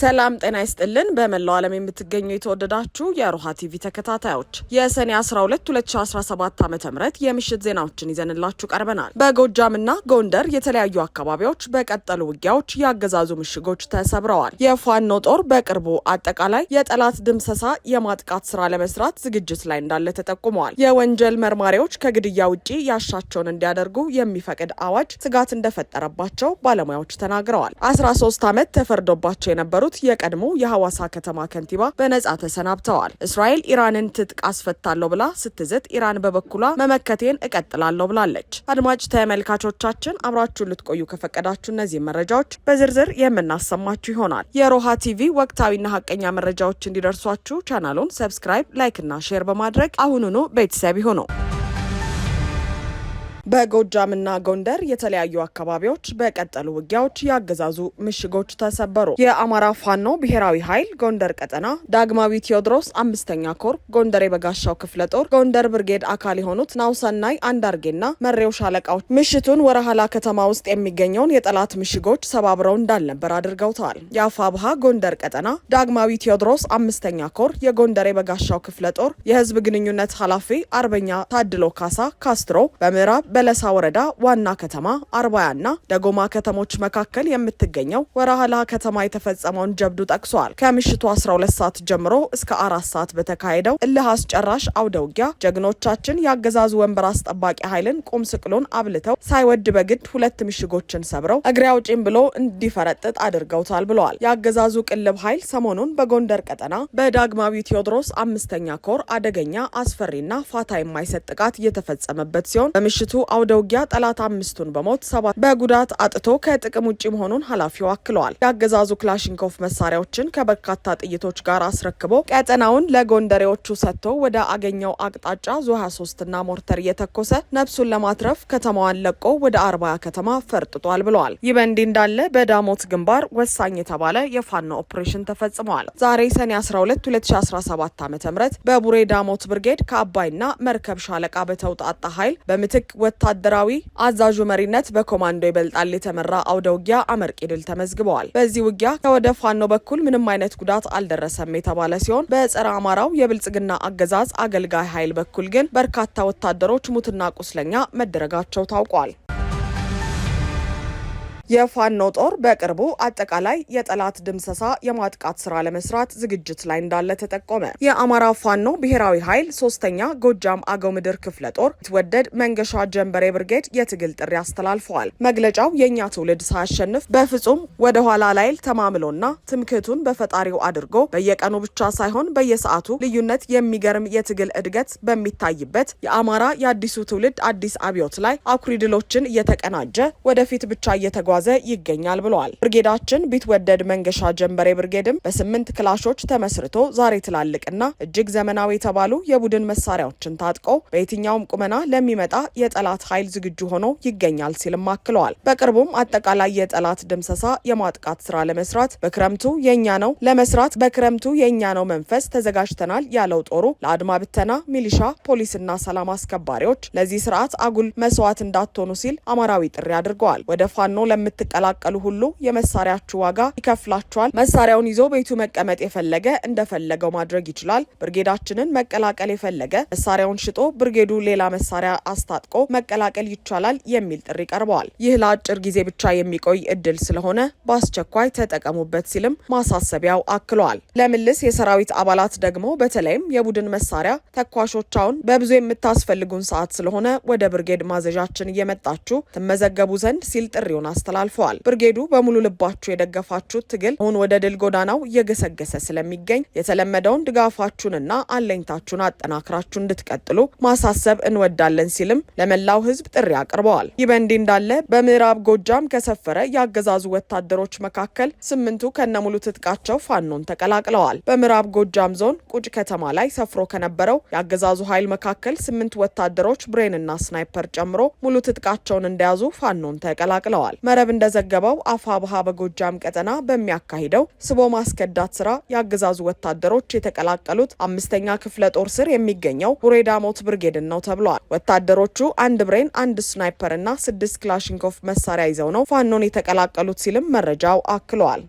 ሰላም ጤና ይስጥልን። በመላው ዓለም የምትገኙ የተወደዳችሁ የሮሃ ቲቪ ተከታታዮች የሰኔ 12 2017 ዓ ም የምሽት ዜናዎችን ይዘንላችሁ ቀርበናል። በጎጃምና ጎንደር የተለያዩ አካባቢዎች በቀጠሉ ውጊያዎች የአገዛዙ ምሽጎች ተሰብረዋል። የፋኖ ጦር በቅርቡ አጠቃላይ የጠላት ድምሰሳ የማጥቃት ስራ ለመስራት ዝግጅት ላይ እንዳለ ተጠቁመዋል። የወንጀል መርማሪዎች ከግድያ ውጪ ያሻቸውን እንዲያደርጉ የሚፈቅድ አዋጅ ስጋት እንደፈጠረባቸው ባለሙያዎች ተናግረዋል። 13 ዓመት ተፈርዶባቸው የነበሩ የነበሩት የቀድሞ የሐዋሳ ከተማ ከንቲባ በነጻ ተሰናብተዋል። እስራኤል ኢራንን ትጥቅ አስፈታለሁ ብላ ስትዝት ኢራን በበኩሏ መመከቴን እቀጥላለሁ ብላለች። አድማጭ ተመልካቾቻችን አብራችሁን ልትቆዩ ከፈቀዳችሁ እነዚህ መረጃዎች በዝርዝር የምናሰማችሁ ይሆናል። የሮሃ ቲቪ ወቅታዊና ሀቀኛ መረጃዎች እንዲደርሷችሁ ቻናሉን ሰብስክራይብ፣ ላይክ ና ሼር በማድረግ አሁኑኑ ቤተሰብ ይሁኑ። በጎጃምና ጎንደር የተለያዩ አካባቢዎች በቀጠሉ ውጊያዎች የአገዛዙ ምሽጎች ተሰበሩ። የአማራ ፋኖ ብሔራዊ ኃይል ጎንደር ቀጠና ዳግማዊ ቴዎድሮስ አምስተኛ ኮር ጎንደር የበጋሻው ክፍለ ጦር ጎንደር ብርጌድ አካል የሆኑት ናውሰናይ አንዳርጌና መሬው ሻለቃዎች ምሽቱን ወረሃላ ከተማ ውስጥ የሚገኘውን የጠላት ምሽጎች ሰባብረው እንዳልነበር አድርገውታል። ብሃ ጎንደር ቀጠና ዳግማዊ ቴዎድሮስ አምስተኛ ኮር የጎንደር የበጋሻው ክፍለ ጦር የህዝብ ግንኙነት ኃላፊ አርበኛ ታድሎ ካሳ ካስትሮ በምዕራብ በለሳ ወረዳ ዋና ከተማ አርባያና ደጎማ ከተሞች መካከል የምትገኘው ወረሃላ ከተማ የተፈጸመውን ጀብዱ ጠቅሷል። ከምሽቱ 12 ሰዓት ጀምሮ እስከ አራት ሰዓት በተካሄደው እልህ አስጨራሽ አውደ ውጊያ ጀግኖቻችን የአገዛዙ ወንበር አስጠባቂ ኃይልን ቁም ስቅሎን አብልተው ሳይወድ በግድ ሁለት ምሽጎችን ሰብረው እግሬ አውጪም ብሎ እንዲፈረጥጥ አድርገውታል ብለዋል። የአገዛዙ ቅልብ ኃይል ሰሞኑን በጎንደር ቀጠና በዳግማዊ ቴዎድሮስ አምስተኛ ኮር አደገኛ አስፈሪና ፋታ የማይሰጥ ጥቃት እየተፈጸመበት ሲሆን በምሽቱ አውደ ውጊያ ጠላት አምስቱን በሞት ሰባት በጉዳት አጥቶ ከጥቅም ውጭ መሆኑን ኃላፊው አክለዋል። የአገዛዙ ክላሽንኮፍ መሳሪያዎችን ከበርካታ ጥይቶች ጋር አስረክቦ ቀጠናውን ለጎንደሬዎቹ ሰጥቶ ወደ አገኘው አቅጣጫ ዙ 23 ና ሞርተር እየተኮሰ ነፍሱን ለማትረፍ ከተማዋን ለቆ ወደ አርባያ ከተማ ፈርጥጧል ብለዋል። ይህ በእንዲህ እንዳለ በዳሞት ግንባር ወሳኝ የተባለ የፋኖ ኦፕሬሽን ተፈጽመዋል። ዛሬ ሰኔ 12 2017 ዓ ም በቡሬ ዳሞት ብርጌድ ከአባይና መርከብ ሻለቃ በተውጣጣ ኃይል በምትክ ወታደራዊ አዛዡ መሪነት በኮማንዶ ይበልጣል የተመራ አውደ ውጊያ አመርቂ ድል ተመዝግበዋል። በዚህ ውጊያ ከወደ ፋኖ በኩል ምንም አይነት ጉዳት አልደረሰም የተባለ ሲሆን በጸረ አማራው የብልጽግና አገዛዝ አገልጋይ ኃይል በኩል ግን በርካታ ወታደሮች ሙትና ቁስለኛ መደረጋቸው ታውቋል። የፋኖ ጦር በቅርቡ አጠቃላይ የጠላት ድምሰሳ የማጥቃት ስራ ለመስራት ዝግጅት ላይ እንዳለ ተጠቆመ። የአማራ ፋኖ ብሔራዊ ኃይል ሶስተኛ ጎጃም አገው ምድር ክፍለ ጦር ትወደድ መንገሻ ጀንበሬ ብርጌድ የትግል ጥሪ አስተላልፈዋል። መግለጫው የእኛ ትውልድ ሳያሸንፍ በፍጹም ወደ ኋላ ላይል ተማምሎና ትምክህቱን በፈጣሪው አድርጎ በየቀኑ ብቻ ሳይሆን በየሰዓቱ ልዩነት የሚገርም የትግል እድገት በሚታይበት የአማራ የአዲሱ ትውልድ አዲስ አብዮት ላይ አኩሪ ድሎችን እየተቀናጀ ወደፊት ብቻ እየተጓ እየተጓዘ ይገኛል ብለዋል። ብርጌዳችን ቢትወደድ መንገሻ ጀንበሬ ብርጌድም በስምንት ክላሾች ተመስርቶ ዛሬ ትላልቅና እጅግ ዘመናዊ የተባሉ የቡድን መሳሪያዎችን ታጥቆ በየትኛውም ቁመና ለሚመጣ የጠላት ኃይል ዝግጁ ሆኖ ይገኛል ሲልም አክለዋል። በቅርቡም አጠቃላይ የጠላት ድምሰሳ የማጥቃት ስራ ለመስራት በክረምቱ የእኛ ነው ለመስራት በክረምቱ የእኛ ነው መንፈስ ተዘጋጅተናል ያለው ጦሩ ለአድማ ብተና ሚሊሻ፣ ፖሊስና ሰላም አስከባሪዎች ለዚህ ስርዓት አጉል መስዋዕት እንዳትሆኑ ሲል አማራዊ ጥሪ አድርገዋል። ወደ ፋኖ የምትቀላቀሉ ሁሉ የመሳሪያችሁ ዋጋ ይከፍላችኋል። መሳሪያውን ይዞ ቤቱ መቀመጥ የፈለገ እንደፈለገው ማድረግ ይችላል። ብርጌዳችንን መቀላቀል የፈለገ መሳሪያውን ሽጦ ብርጌዱ ሌላ መሳሪያ አስታጥቆ መቀላቀል ይቻላል የሚል ጥሪ ቀርበዋል። ይህ ለአጭር ጊዜ ብቻ የሚቆይ እድል ስለሆነ በአስቸኳይ ተጠቀሙበት ሲልም ማሳሰቢያው አክሏል። ለምልስ የሰራዊት አባላት ደግሞ በተለይም የቡድን መሳሪያ ተኳሾቻውን በብዙ የምታስፈልጉን ሰዓት ስለሆነ ወደ ብርጌድ ማዘዣችን እየመጣችሁ ትመዘገቡ ዘንድ ሲል ጥሪውን አስተላል አልፈዋል። ብርጌዱ በሙሉ ልባችሁ የደገፋችሁት ትግል አሁን ወደ ድል ጎዳናው እየገሰገሰ ስለሚገኝ የተለመደውን ድጋፋችሁንና አለኝታችሁን አጠናክራችሁ እንድትቀጥሉ ማሳሰብ እንወዳለን ሲልም ለመላው ህዝብ ጥሪ አቅርበዋል። ይህ በእንዲህ እንዳለ በምዕራብ ጎጃም ከሰፈረ የአገዛዙ ወታደሮች መካከል ስምንቱ ከነሙሉ ትጥቃቸው ፋኖን ተቀላቅለዋል። በምዕራብ ጎጃም ዞን ቁጭ ከተማ ላይ ሰፍሮ ከነበረው የአገዛዙ ኃይል መካከል ስምንት ወታደሮች ብሬንና ስናይፐር ጨምሮ ሙሉ ትጥቃቸውን እንደያዙ ፋኖን ተቀላቅለዋል። መዝገብ እንደዘገበው አፋብሃ በጎጃም ቀጠና በሚያካሂደው ስቦ ማስከዳት ስራ የአገዛዙ ወታደሮች የተቀላቀሉት አምስተኛ ክፍለ ጦር ስር የሚገኘው ሞት ብርጌድን ነው ተብሏል። ወታደሮቹ አንድ ብሬን፣ አንድ ስናይፐር እና ስድስት ክላሽንኮፍ መሳሪያ ይዘው ነው ፋኖን የተቀላቀሉት ሲልም መረጃው አክሏል።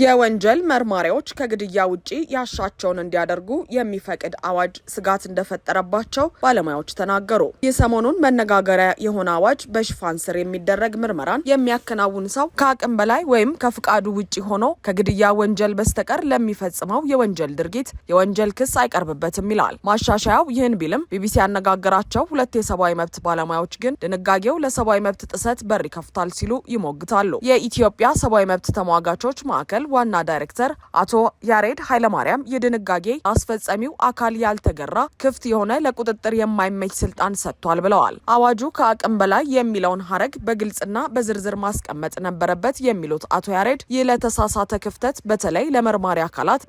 የወንጀል መርማሪዎች ከግድያ ውጪ ያሻቸውን እንዲያደርጉ የሚፈቅድ አዋጅ ስጋት እንደፈጠረባቸው ባለሙያዎች ተናገሩ። የሰሞኑን መነጋገሪያ የሆነ አዋጅ በሽፋን ስር የሚደረግ ምርመራን የሚያከናውን ሰው ከአቅም በላይ ወይም ከፍቃዱ ውጪ ሆኖ ከግድያ ወንጀል በስተቀር ለሚፈጽመው የወንጀል ድርጊት የወንጀል ክስ አይቀርብበትም ይላል ማሻሻያው። ይህን ቢልም ቢቢሲ ያነጋገራቸው ሁለት የሰብአዊ መብት ባለሙያዎች ግን ድንጋጌው ለሰብአዊ መብት ጥሰት በር ይከፍታል ሲሉ ይሞግታሉ። የኢትዮጵያ ሰብአዊ መብት ተሟጋቾች ማዕከል ማዕከል ዋና ዳይሬክተር አቶ ያሬድ ኃይለማርያም የድንጋጌ አስፈጻሚው አካል ያልተገራ ክፍት የሆነ ለቁጥጥር የማይመች ስልጣን ሰጥቷል ብለዋል። አዋጁ ከአቅም በላይ የሚለውን ሀረግ በግልጽና በዝርዝር ማስቀመጥ ነበረበት የሚሉት አቶ ያሬድ ይህ ለተሳሳተ ክፍተት በተለይ ለመርማሪ አካላት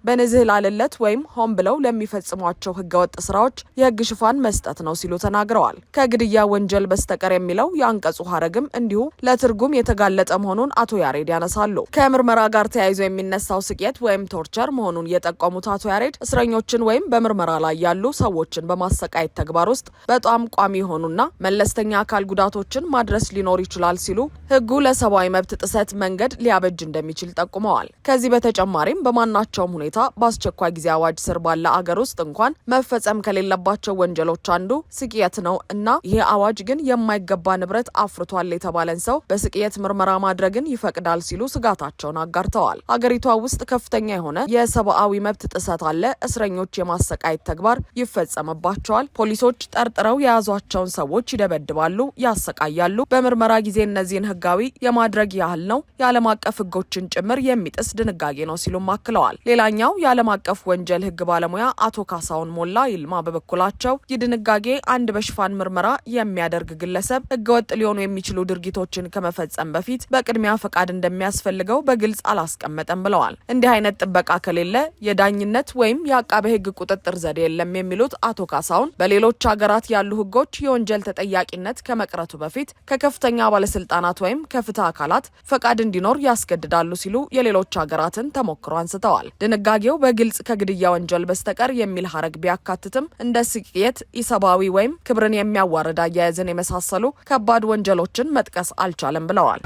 ላልለት ወይም ሆን ብለው ለሚፈጽሟቸው ህገወጥ ስራዎች የህግ ሽፋን መስጠት ነው ሲሉ ተናግረዋል። ከግድያ ወንጀል በስተቀር የሚለው የአንቀጹ ሀረግም እንዲሁ ለትርጉም የተጋለጠ መሆኑን አቶ ያሬድ ያነሳሉ። ከምርመራ ጋር ተያይዞ የሚነሳው ስቅየት ወይም ቶርቸር መሆኑን የጠቆሙት አቶ ያሬድ እስረኞችን ወይም በምርመራ ላይ ያሉ ሰዎችን በማሰቃየት ተግባር ውስጥ በጣም ቋሚ የሆኑና መለስተኛ አካል ጉዳቶችን ማድረስ ሊኖር ይችላል ሲሉ ህጉ ለሰብአዊ መብት ጥሰት መንገድ ሊያበጅ እንደሚችል ጠቁመዋል። ከዚህ በተጨማሪም በማናቸውም ሁኔታ በአስቸኳይ ጊዜ አዋጅ ስር ባለ አገር ውስጥ እንኳን መፈጸም ከሌለባቸው ወንጀሎች አንዱ ስቅየት ነው እና ይህ አዋጅ ግን የማይገባ ንብረት አፍርቷል የተባለን ሰው በስቅየት ምርመራ ማድረግን ይፈቅዳል ሲሉ ስጋታቸውን አጋርተዋል። አገሪቷ ውስጥ ከፍተኛ የሆነ የሰብአዊ መብት ጥሰት አለ። እስረኞች የማሰቃየት ተግባር ይፈጸምባቸዋል። ፖሊሶች ጠርጥረው የያዟቸውን ሰዎች ይደበድባሉ፣ ያሰቃያሉ። በምርመራ ጊዜ እነዚህን ህጋዊ የማድረግ ያህል ነው የዓለም አቀፍ ህጎችን ጭምር የሚጥስ ድንጋጌ ነው ሲሉም አክለዋል። ሌላኛው የዓለም አቀፍ ወንጀል ህግ ባለሙያ አቶ ካሳሁን ሞላ ይልማ በበኩላቸው ይህ ድንጋጌ አንድ በሽፋን ምርመራ የሚያደርግ ግለሰብ ህገወጥ ሊሆኑ የሚችሉ ድርጊቶችን ከመፈጸም በፊት በቅድሚያ ፈቃድ እንደሚያስፈልገው በግልጽ አላስቀመጠ አይሰጠም ብለዋል። እንዲህ አይነት ጥበቃ ከሌለ የዳኝነት ወይም የአቃቤ ሕግ ቁጥጥር ዘዴ የለም የሚሉት አቶ ካሳሁን በሌሎች ሀገራት ያሉ ሕጎች የወንጀል ተጠያቂነት ከመቅረቱ በፊት ከከፍተኛ ባለስልጣናት ወይም ከፍትህ አካላት ፈቃድ እንዲኖር ያስገድዳሉ ሲሉ የሌሎች ሀገራትን ተሞክሮ አንስተዋል። ድንጋጌው በግልጽ ከግድያ ወንጀል በስተቀር የሚል ሀረግ ቢያካትትም እንደ ስቅየት፣ ኢሰብአዊ ወይም ክብርን የሚያዋርድ አያያዝን የመሳሰሉ ከባድ ወንጀሎችን መጥቀስ አልቻለም ብለዋል።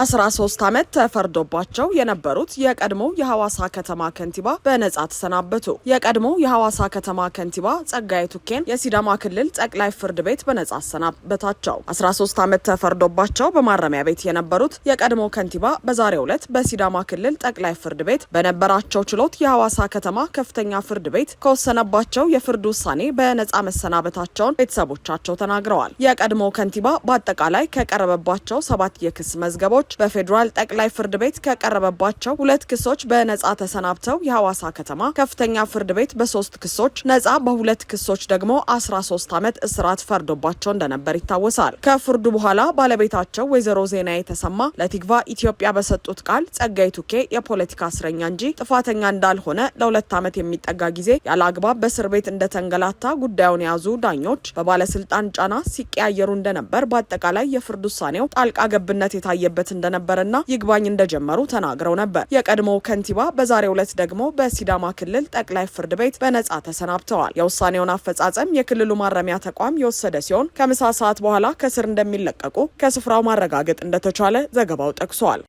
13 ዓመት ተፈርዶባቸው የነበሩት የቀድሞው የሐዋሳ ከተማ ከንቲባ በነጻ ተሰናበቱ። የቀድሞው የሐዋሳ ከተማ ከንቲባ ጸጋዬ ቱኬን የሲዳማ ክልል ጠቅላይ ፍርድ ቤት በነጻ አሰናበታቸው። 13 ዓመት ተፈርዶባቸው በማረሚያ ቤት የነበሩት የቀድሞ ከንቲባ በዛሬው ዕለት በሲዳማ ክልል ጠቅላይ ፍርድ ቤት በነበራቸው ችሎት የሐዋሳ ከተማ ከፍተኛ ፍርድ ቤት ከወሰነባቸው የፍርድ ውሳኔ በነጻ መሰናበታቸውን ቤተሰቦቻቸው ተናግረዋል። የቀድሞ ከንቲባ በአጠቃላይ ከቀረበባቸው ሰባት የክስ መዝገቦች ክሶች በፌዴራል ጠቅላይ ፍርድ ቤት ከቀረበባቸው ሁለት ክሶች በነጻ ተሰናብተው የሐዋሳ ከተማ ከፍተኛ ፍርድ ቤት በሶስት ክሶች ነጻ፣ በሁለት ክሶች ደግሞ 13 ዓመት እስራት ፈርዶባቸው እንደነበር ይታወሳል። ከፍርዱ በኋላ ባለቤታቸው ወይዘሮ ዜና የተሰማ ለቲግቫ ኢትዮጵያ በሰጡት ቃል ጸጋይ ቱኬ የፖለቲካ እስረኛ እንጂ ጥፋተኛ እንዳልሆነ ለሁለት ዓመት የሚጠጋ ጊዜ ያለ አግባብ በእስር ቤት እንደተንገላታ ጉዳዩን የያዙ ዳኞች በባለስልጣን ጫና ሲቀያየሩ እንደነበር በአጠቃላይ የፍርድ ውሳኔው ጣልቃ ገብነት የታየበት እንደነበረና ይግባኝ እንደጀመሩ ተናግረው ነበር። የቀድሞው ከንቲባ በዛሬው ዕለት ደግሞ በሲዳማ ክልል ጠቅላይ ፍርድ ቤት በነጻ ተሰናብተዋል። የውሳኔውን አፈጻጸም የክልሉ ማረሚያ ተቋም የወሰደ ሲሆን ከምሳ ሰዓት በኋላ ከስር እንደሚለቀቁ ከስፍራው ማረጋገጥ እንደተቻለ ዘገባው ጠቅሷል።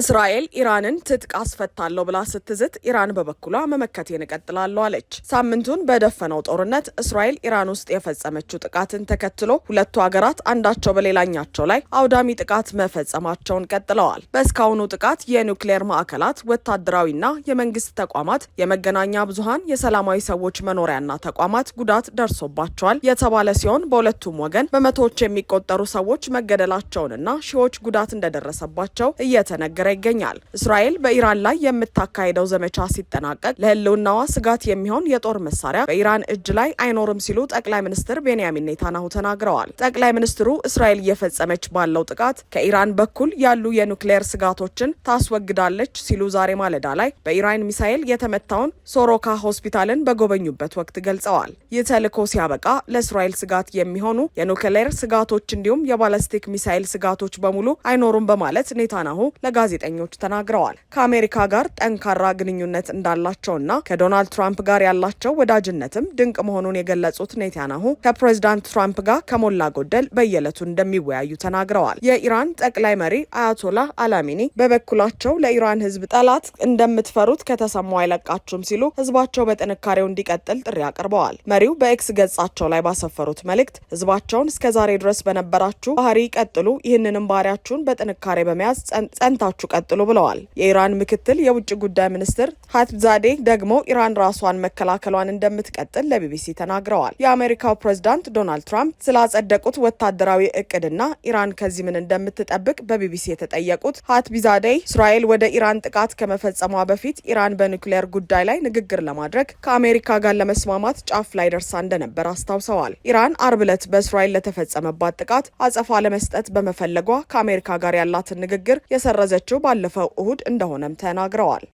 እስራኤል ኢራንን ትጥቅ አስፈታለሁ ብላ ስትዝት ኢራን በበኩሏ መመከቴን እቀጥላለሁ አለች። ሳምንቱን በደፈነው ጦርነት እስራኤል ኢራን ውስጥ የፈጸመችው ጥቃትን ተከትሎ ሁለቱ ሀገራት አንዳቸው በሌላኛቸው ላይ አውዳሚ ጥቃት መፈጸማቸውን ቀጥለዋል። በእስካሁኑ ጥቃት የኒውክሌር ማዕከላት፣ ወታደራዊና የመንግስት ተቋማት፣ የመገናኛ ብዙኃን፣ የሰላማዊ ሰዎች መኖሪያና ተቋማት ጉዳት ደርሶባቸዋል የተባለ ሲሆን በሁለቱም ወገን በመቶዎች የሚቆጠሩ ሰዎች መገደላቸውንና ሺዎች ጉዳት እንደደረሰባቸው እየተነገረ እየተነገረ ይገኛል። እስራኤል በኢራን ላይ የምታካሄደው ዘመቻ ሲጠናቀቅ ለህልውናዋ ስጋት የሚሆን የጦር መሳሪያ በኢራን እጅ ላይ አይኖርም ሲሉ ጠቅላይ ሚኒስትር ቤንያሚን ኔታናሁ ተናግረዋል። ጠቅላይ ሚኒስትሩ እስራኤል እየፈጸመች ባለው ጥቃት ከኢራን በኩል ያሉ የኑክሌር ስጋቶችን ታስወግዳለች ሲሉ ዛሬ ማለዳ ላይ በኢራን ሚሳኤል የተመታውን ሶሮካ ሆስፒታልን በጎበኙበት ወቅት ገልጸዋል። ይህ ተልዕኮ ሲያበቃ ለእስራኤል ስጋት የሚሆኑ የኑክሌር ስጋቶች እንዲሁም የባለስቲክ ሚሳኤል ስጋቶች በሙሉ አይኖሩም በማለት ኔታናሁ ለጋዜ ለጋዜጠኞች ተናግረዋል። ከአሜሪካ ጋር ጠንካራ ግንኙነት እንዳላቸውና ከዶናልድ ትራምፕ ጋር ያላቸው ወዳጅነትም ድንቅ መሆኑን የገለጹት ኔታንያሁ ከፕሬዚዳንት ትራምፕ ጋር ከሞላ ጎደል በየዕለቱ እንደሚወያዩ ተናግረዋል። የኢራን ጠቅላይ መሪ አያቶላህ አላሚኒ በበኩላቸው ለኢራን ሕዝብ ጠላት እንደምትፈሩት ከተሰማው አይለቃችሁም ሲሉ ሕዝባቸው በጥንካሬው እንዲቀጥል ጥሪ አቅርበዋል። መሪው በኤክስ ገጻቸው ላይ ባሰፈሩት መልእክት ሕዝባቸውን እስከ ዛሬ ድረስ በነበራችሁ ባህሪ ቀጥሉ፣ ይህንንም ባህሪያችሁን በጥንካሬ በመያዝ ጸንታ አብራችሁ ቀጥሉ ብለዋል። የኢራን ምክትል የውጭ ጉዳይ ሚኒስትር ሀትብዛዴ ደግሞ ኢራን ራሷን መከላከሏን እንደምትቀጥል ለቢቢሲ ተናግረዋል። የአሜሪካው ፕሬዝዳንት ዶናልድ ትራምፕ ስላጸደቁት ወታደራዊ እቅድና ኢራን ከዚህ ምን እንደምትጠብቅ በቢቢሲ የተጠየቁት ሀትቢዛዴ እስራኤል ወደ ኢራን ጥቃት ከመፈጸሟ በፊት ኢራን በኒውክሌር ጉዳይ ላይ ንግግር ለማድረግ ከአሜሪካ ጋር ለመስማማት ጫፍ ላይ ደርሳ እንደነበር አስታውሰዋል። ኢራን አርብ ዕለት በእስራኤል ለተፈጸመባት ጥቃት አጸፋ ለመስጠት በመፈለጓ ከአሜሪካ ጋር ያላትን ንግግር የሰረዘች የተደረገችው ባለፈው እሁድ እንደሆነም ተናግረዋል።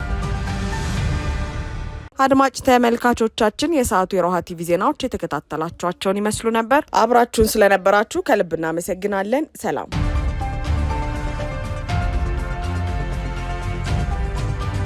አድማጭ ተመልካቾቻችን የሰዓቱ የሮሃ ቲቪ ዜናዎች የተከታተላችኋቸውን ይመስሉ ነበር። አብራችሁን ስለነበራችሁ ከልብ እናመሰግናለን። ሰላም